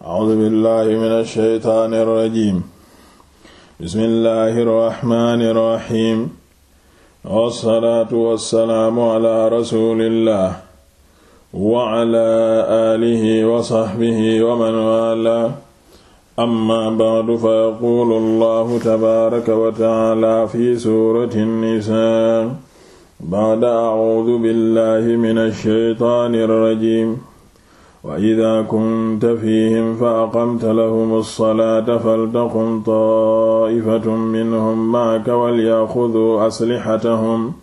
A'uuzu billaahi mina shaytaani rajiim. Bismillaahi rahmaani rahiim. Wassalaatu wassalaamu alaa rasuulillaah. Wa alaa aalihi wa sahbihi wa man waalaa. Ammaa ba'du fa yaquulu Allaahu tabaaraka wa ta'aalaa fi suurati Nisaa. Ba'da a'uuzu billaahi mina shaytaani rajiim. wa ida kunta fihim fa aqamta lahum alsalaata faltaqum taifatun minhum maaka walyaxuduu aslixatahum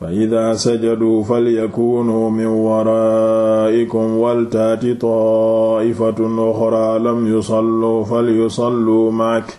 fa ida sajaduu falyakuunuu min waraikum waltaati taifatun uxraa lam yusalluu falyusalluu maak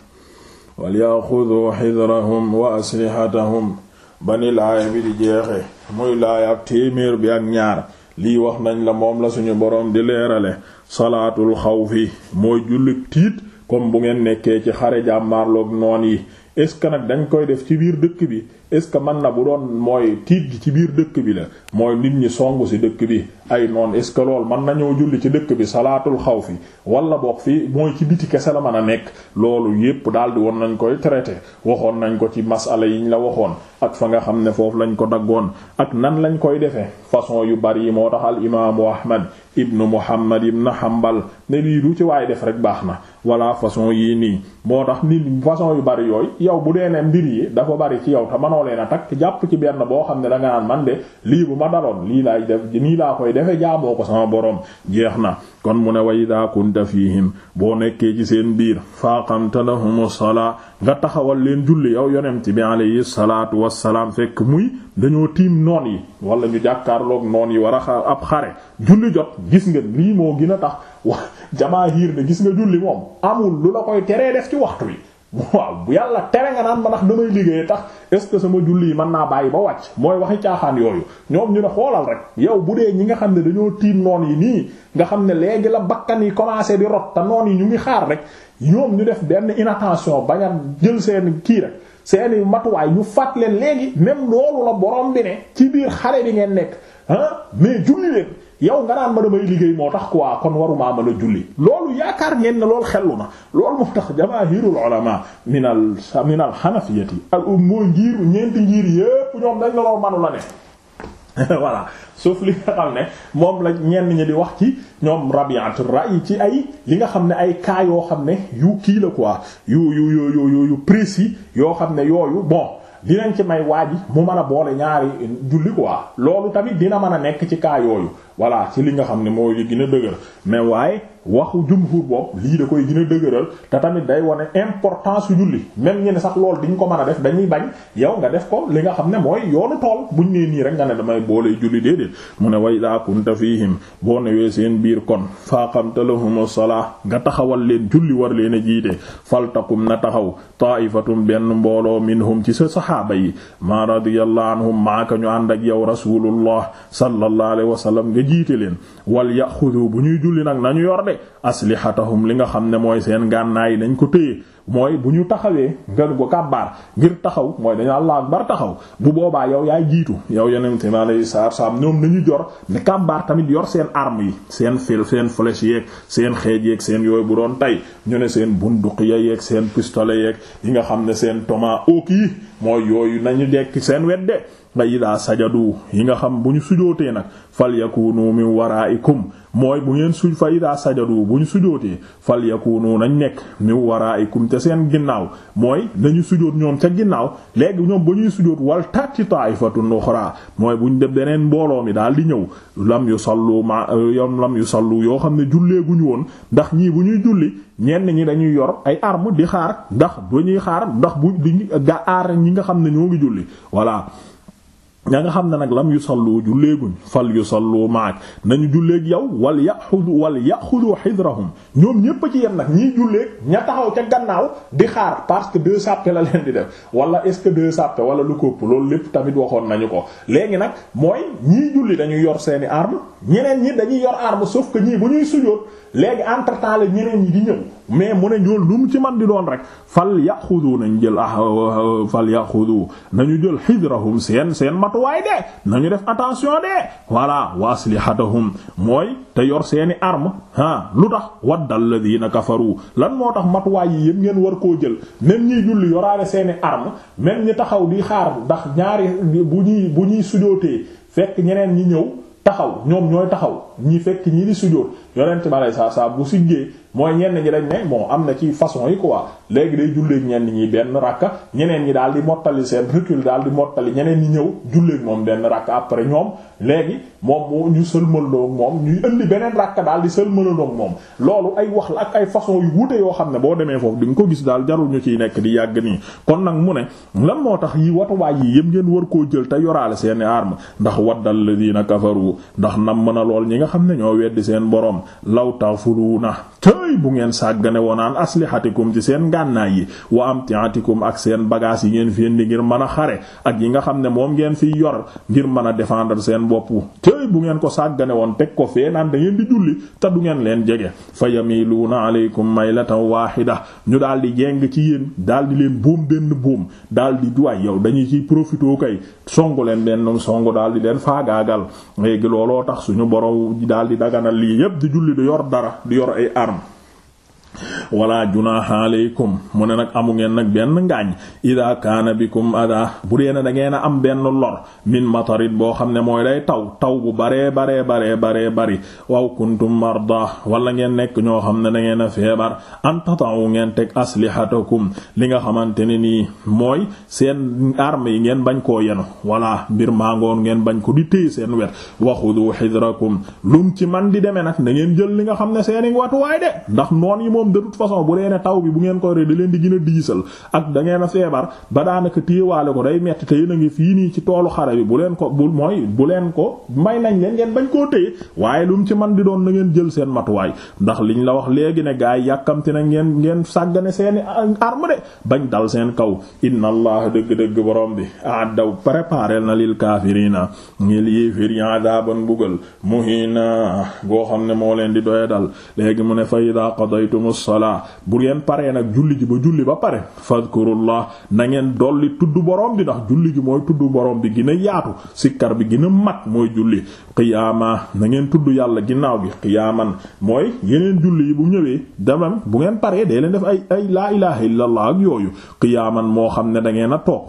walyaxuduu xidrahum wa aslixatahum bani laaya bi di jeexe muy laaya ak téeméer bi ak ñaar lii wax nañ la moom la suñu boroom di leerale salaatul xawfi mooy jullit tiit comme bu ngeen nekkee ci xare jàmmaarloog noon yi est ce que nag dañ koy def ci biir dëkk bi est-ce que mën na bu doon mooy tiit gi ci biir dëkk bi la mooy nit ñi songu si dëkk bi ay noon est-ce que lool mën nañoo julli ci dëkk bi salaatul xaw fi wala boog fi mooy ci biti kese la mën a nekk loolu yépp daal di woon nañ koy traité waxoon nañ ko ci masala ñu la waxoon ak fa nga xam ne foofu lañ ko daggoon ak nan lañ koy defee façon yu bari yi moo tax al imaamu ahmad ibnu muhammad ibnu hambal ne lii du ci waay def rek baax na wala façon yii nii moo tax nit façon yu bari yooyu yow bu dee mbir yi dafa bari ci yow mënoo leen a takk jàpp ci benn boo xam ne da nga naan man de lii bu ma daloon lii laay def nii laa koy defe jaamoo ko sama boroom jeex na kon mu ne wa idaa kunta fiihim boo nekkee ci seen biir faaqamta lahumu salaa nga taxawal leen julli yow yonent bi alayhi salaatu wassalaam fekk muy dañoo tiim noon yi wala ñu jàkkaarloog noon yi war a ab xare julli jot gis nga lii moo gin a tax wa jamaahiir ne gis nga julli moom amul lu la koy teree def ci waxtu wi waaw bu yàlla tere nga naan ma ndax damay liggéey tax est-ce que sama julli yi mën naa bàyyi ba wàcc mooy waxi caaxaan yooyu ñoom ñu ne xoolal rek yow bu dee ñi nga xam ne dañoo tiim noon yi nii nga xam ne léegi la bakkan yi commencé di rot te noon yi ñu ngi xaar rek ñoom ñu def benn inattention bañ jël seen kii rek seeni matuwaay ñu fàtt leen léegi même loolu la borom bi ne ci biir xare bi ngeen nekk ah mais julli leen yow nga naan ma damay liggéey moo tax quoi kon waruma ma la julli loolu yaakaar ngeen ne loolu xellu na loolu moo tax jamaahirul ulama min al min al hanafiyyati al ummo njiir ñeenti njiir yépp ñoom dañ la lool manu la ne voilà sauf li nga xam moom la ñenn ñi di wax ci ñoom rabi'atu ra'yi ci ay li nga xam ne ay kaa yoo xam ne yu kii la quoi yu yu yu yu yu précis yoo xam ne yooyu bon dinañ ci may waaji mu mën a boole ñaari julli quoi loolu tamit dina mën a nekk ci cas yooyu voilà ci li nga xam ne mooy li gën a dëgër mais waaye waxu jumhur boobu lii da koy gën dëgëral te tamit day wane importance su julli même ñi ne sax loolu ñu ko mën a def dañuy bañ yow nga def ko li nga xam ne mooy yoonu tool buñ nee nii rek nga ne damay boole julli déedéet mu ne way daa kunta fihim boo newee seen biir kon faqamta lahum salaa nga taxawal leen julli war leen a jiite faltakum na taxaw ta'ifatum benn mbooloo minhum ci sa saxaaba yi ma radiyallahu anhum ñu ànd ak yow rasulullah sallallahu alayhi jiite leen wal yaxudu bu ñuy julli nag nañu yor de aslihatahum li nga xam ne mooy seen gànnaay nañ ko téye mooy bu ñu taxawee nga ko kàbbaar ngir taxaw mooy dañu allah akbar taxaw bu boobaa yow yaay jiitu yow yeneen tamit alayhi salaam ñoom nañu jor ne kàbbaar tamit yor seen arme yi seen fil seen flèche yeeg seen xeej yeeg seen yooyu bu doon tey ñu ne seen bunduq yeeg seen pistolet yeeg yi nga xam ne seen tomahawk yi mooy yooyu nañu dekk seen wedde nga yi daa sajadu yi nga xam bu ñu sujootee nag fal yakunu min waraikum mooy bu ngeen suj fa idaa sajadu bu ñu sujootee fal yakunu nañ nekk mi waraa'ikum ca seen ginnaaw mooy nañu sujoot ñoom ca ginnaaw léegi ñoom ba ñuy sujoot wal tàtti taa'ifatun uxraa mooy bu ñu def beneen mbooloo mi daal di ñëw lam yu sallu ma yom lam yu sallu yoo xam ne jullee guñu woon ndax ñii bu ñuy julli ñenn ñi dañuy yor ay arme di xaar ndax ñuy xaar ndax bu di ga aar ñi nga xam ne ñoo ngi julli voilà ña nga xam ne nag lam yu sallu julleeguñ fal yu sallu maak nañu julleeg yow wal yaxudu wal yaxudu xidrahum ñoom ñépp ci yem nag ñii julleeg ña taxaw ca gannaaw di xaar parce que deux sàppe la leen di def wala est-ce sàppe wala lu ko loolu lépp tamit waxoon nañu ko léegi nag mooy ñii julli dañuy yor seeni arm ñeneen ñi dañuy yor arme sauf que ñii bu ñuy sujjóot léegi entre temps la ñeneen ñi di ñëw mais mu ne ñool lu mu ci man di doon rek fal yaxudu nañ jël ah fal yaxudu nañu jël xijrahum seen seen matuwaay de nañu def attention de voilà wa aslihatahum mooy te yor seeni arm ah lu tax wadda alladina kafaru lan moo tax matuwaay yi yëpp ngeen war koo jël même ñiy julli yoraale seeni arm même ñi taxaw di xaar ndax ñaari bu ñuy bu ñuy sujootee fekk ñeneen ñi ñëw taxaw ñoom ñooy taxaw ñi fekk ñi di sujoot yonent ba lay saa saa bu siggee mooy ñenn ñi dañ ne bon am na ci façon yi quoi léegi day julleeg ñenn ñi benn rakka ñeneen ñi daal di mottali seen recul daal di mottali ñeneen ñi ñëw julleeg moom benn rakka après ñoom léegi moom ñu sëlmalandoog moom ñuy indi beneen rakka daal di sëlmalandoog moom loolu ay wax la ak ay façon yu wuute yoo xam ne boo demee foofu di nga ko gis daal jarul ñu ciy nekk di yàgg nii kon nag mu ne lan moo tax yi watuwaay yi yëpp ngeen war koo jël te yoraale seeni arme ndax waddal ladina kafaru ndax nam mën a lool ñi nga xam ne ñoo weddi seen borom law tafuluuna tey bu ngeen sàggane wonaan aslihatikum ci seen ngànnaay yi wa amtiatikum ak seen bagage yi ngeen fi indi ngir mën a xare ak yi nga xam ne moom ngeen fi yor ngir mën a défendre seen bopp tey bu ngeen ko sàggane woon teg ko fee naan da ngeen di julli te du ngeen leen jege fa yamiluuna aleykum maylatan waahida ñu daal di jeng ci yéen daal di leen buum benn buum daal di duwaay yow dañuy ciy profité kay songu leen benn songu daal di leen faagaagal léegi looloo tax suñu borom daal di julli du yor dara di yor ay arm wala junaha aleykum mu ne nag amu ngeen nag benn ngaañ ida kaana bikum ada bu dee ne da ngeen a am benn lor min matarit boo xam ne mooy day taw taw bu baree baree baree bare bari waw kuntum marda wala ngeen nekk ñoo xam ne da ngeen a feebar an tatawu ngeen teg aslihatakum li nga xamante ne nii mooy seen arm yi ngeen bañ koo yenu wala mbir mangoon ngeen bañ ko di téye seen wet waxudu hidrakum lum ci man di demee nag na ngeen jël li nga xam ne seeni watuwaay moom de toute façon bu dee ne taw bi bu ngeen ko yoree da leen di gën a diisal ak da ngeen a feebar ba daanaka téyewaale ko day metti te a ngi fii nii ci toolu xare bi bu leen ko bu mooy bu leen ko may nañ leen ngeen bañ koo téye waaye lu mu ci man di doon na ngeen jël seen matuwaay ndax liñ la wax léegi ne gaa yi yàkkamti na ngeen ngeen sàggane seeni arme de bañ dal seen kaw inna allah dëgg-dëgg borom bi addaw préparel na lil kaafirina ngil yéefir adaban bugal muhina goo xam ne moo leen di doye dal léegi mu ne fa ida qadaytum salaa bu ngeen paree nag julli ji ba julli ba pare fadkurullah na ngeen dolli tudd borom bi ndax julli ji mooy tudd borom bi gina a yaatu sikkar bi gën a mat mooy julli qiyaama na ngeen tudd yàlla ginnaaw gi qiyaaman mooy yeneen julli yi bu ñëwee damam bu ngeen paree dee leen def ay ay laa ilaha illallah ak yooyu qiyaaman moo xam ne da ngeen a toog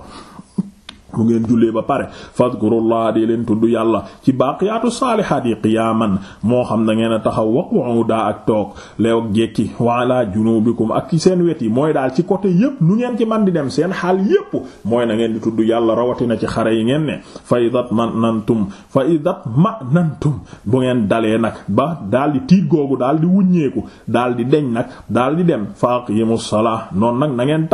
bu ngeen jullee ba pare fadkurullah di leen tudd yàlla ci baaqiyaatu saalihaat yi qiyaaman moo xam na ngeen a taxaw wa qu'uda ak toog leew ak jekki wa ala junubikum ak ci seen wet yi mooy daal ci côté yépp lu ngeen ci man di dem seen xaal yépp mooy na ngeen di tudd yàlla rawatina ci xare yi ngeen ne fa idat ma nantum fa idat ma nantum bu ngeen dalee nag ba daal di tiit googu daal di wuññeeku dal di deñ nag dal di dem fa aqimu salaa noonu nag na ngeen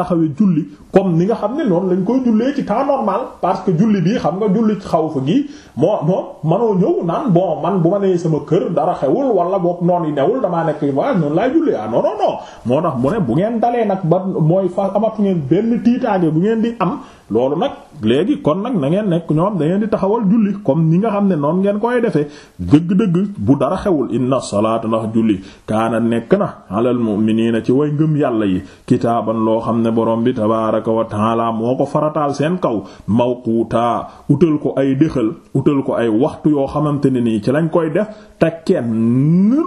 parce que julli bii xam nga julli xaw fa gi moo moom manoo ñëw naan boo man bu ma nee sama kër dara xewul wala boog noon yi newul damaa nekk waaye noonu laay julli ah non non moo tax mu ne bu ngeen dalee nag ba mooy fa amatu ngeen benn tiitaange bu ngeen di am loolu nag léegi kon nag na ngeen nekk ñoo da ngeen di taxawal julli comme ni nga xam ne noonu ngeen koy defee dëgg-dëgg bu dara xewul inna salaata ndax julli kaana nekk na alal ci way ngëm yàlla yi kitaaban loo xam ne borom bi tabaaraka wa ta'aala moo ko farataal seen kaw mawquutaa utal ko ay déxal utal ko ay waxtu yoo xamante ne nii ci lañ koy def te kenn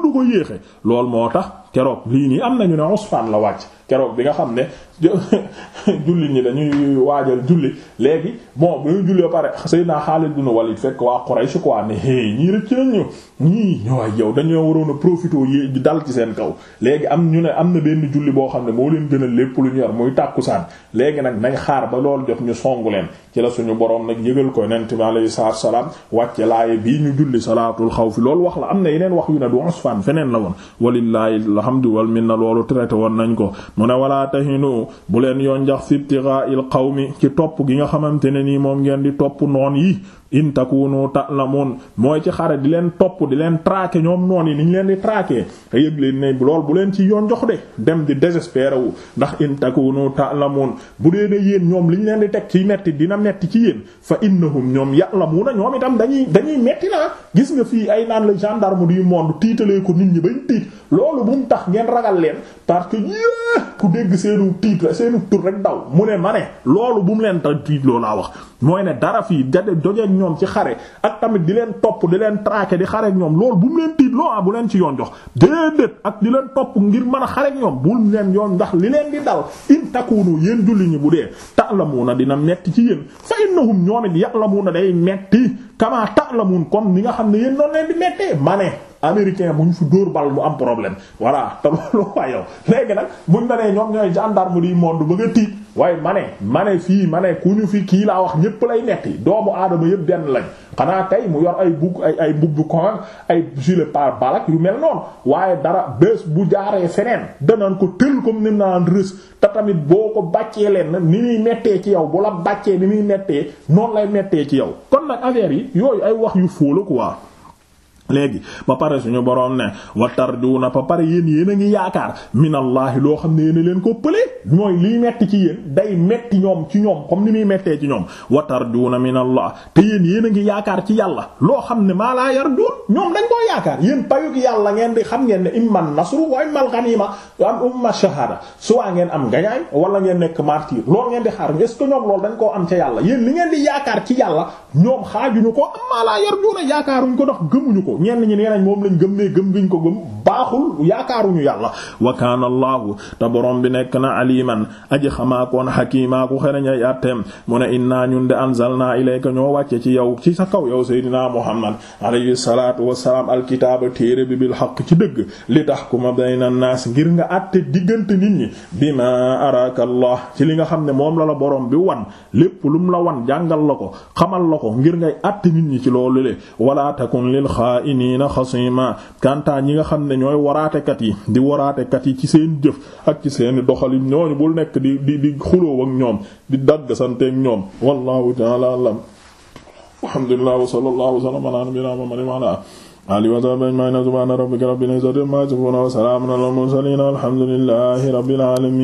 lu ko yéexe lool moo tax keroog lii nii am na ñu ne Usfaan la wàcc keroog bi nga xam ne julli ñi dañuy waajar julli léegi bon bu ñu julli ba pare Seydina Xaalid ibn Walid fekk waa Quraysh quoi ne hey ñii rëcc nañ ñu ñii ñooy yow dañoo waroon a profité yi dal ci seen kaw léegi am ñu ne am na benn julli boo xam ne moo leen gën a lépp lu ñu yor muy tàkkusaan léegi nag nañ xaar ba loolu jot ñu songu leen ci la suñu boroom nag yëgal ko Yonent bi alayhi salaatu wa salaam wàcce laaye bii ñu julli salaatul xawfi loolu wax la am na yeneen wax yu ne du feneen xam alhamdu wal na loolu traité woon nañ ko mu ne walaa tahinu bu leen yoon jax fi xaw mi ci topp gi nga xamante ne nii moom ngeen di topp noon yi in takunu ta'lamun mooy ci xare di leen topp di leen traquer ñoom noon yi ni ñu leen di traquer te yëg leen ne lool yoon jox de dem di désespéré wu ndax in takunu ta'lamun bu dee ne yéen ñoom li ñu leen di teg ci metti dina metti ci yéen fa innahum ñoom ya'lamuna ñoom itam dañuy dañuy metti na gis nga fii ay naan la gendarme du monde tiitalee ko nit ñi bañ tiit loolu bu mu leen parce que ku dégg seenu tiit la seenu tur rek mu ne ma loolu bu leen tax tiit loolaa wax mooy ne dara fii jade dojeeg ñoom ci xare ak tamit di leen topp di leen traquer di xare ak ñoom loolu bu mu leen tiitloo ah bu leen ci yoon jox déedéet ak di leen topp ngir mën a xare ak ñoom bu mu leen yoon ndax li leen di dal in takunu yéen julli ñi bu dee ta'lamuna dina metti ci yéen fa innahum ñoom it ya'lamuna day metti kama ta'lamun comme ni nga xam ne yéen noonu leen di mettee ma ne américain bu ñu fi dóor bal mu am problème voilà te loolu waa yow léegi nag buñ la nee ñoom ñooy gendarme waaye ma ne ma fii ma ne ku ñu fi kii laa wax ñépp lay netti doomu aadama yépp benn lañ xanaa tey mu yor ay bugg ay ay bubbu koŋ ay gilet pare-balles yu mel noonu waaye dara bés bu jaaree feneen danaan ko tël comme ni naan rës te tamit boo ko bàccee leen ni muy mettee ci yow bu la bàccee ni muy mettee noonu lay mettee ci yow kon nag affaire yi yooyu ay wax yu fóola quoi léegi ba pare suñu boroom ne wa tarjuuna ba pare yéen yéen a ngi yaakaar minallaahi loo xam ne yéen a leen ko pële mooy liy metti ci yéen day metti ñoom ci ñoom comme ni muy mettee ci ñoom wa tarjuuna minallah te yéen yéen ngi yaakaar ci yàlla loo xam ne maa laa yarjuun ñoom dañ koo yaakaar yéen payug yàlla ngeen di xam ngeen ne imman nasru wa immal ganiima am umma shahaada soit ngeen am gañaay wala ngeen nekk martyr loolu ngeen di xaar est ce que dañ koo am yàlla yéen li ngeen di yaakaar ci yàlla ñoom xaajuñu ko am maa laa yarjuuna ko dox gëmuñu ko loolu ñenn ñi nee nañ moom lañ gëm ne gëm giñ ko gëm baaxul yaakaaruñu yàlla wa kaana allahu te borom bi nekk na aliman aji xamaakoon xakimaa ku xereñ ay atteem mu ne inna ñun de anzalna ilayka ñoo wàcce ci yow ci sa kaw yow seydina muhammad alayhi salatu wasalaam alkitaaba téere bi bil xaq ci dëgg li tax ku ma tahkuma bayna naas ngir nga àtte diggante nit ñi bima araka allah ci li nga xam ne moom la la borom bi wan lépp lum la wan jàngal la ko xamal la ko ngir ngay àtte xaa'iniina xasima kantaa ñi nga xam ne ñooy waraatekat yi di waraatekat yi ci seen jëf ak ci seen doxalin ñooñu bul nekk di di di xuloo ak ñoom di dagg santeek ñoom wallahu a alam alhamdulillah wa sallallahu wa sallama ala nabiyyina muhammadin wa ala alihi wa sahbihi ajma'in subhana rabbika rabbil izzati amma yasifun wa salamun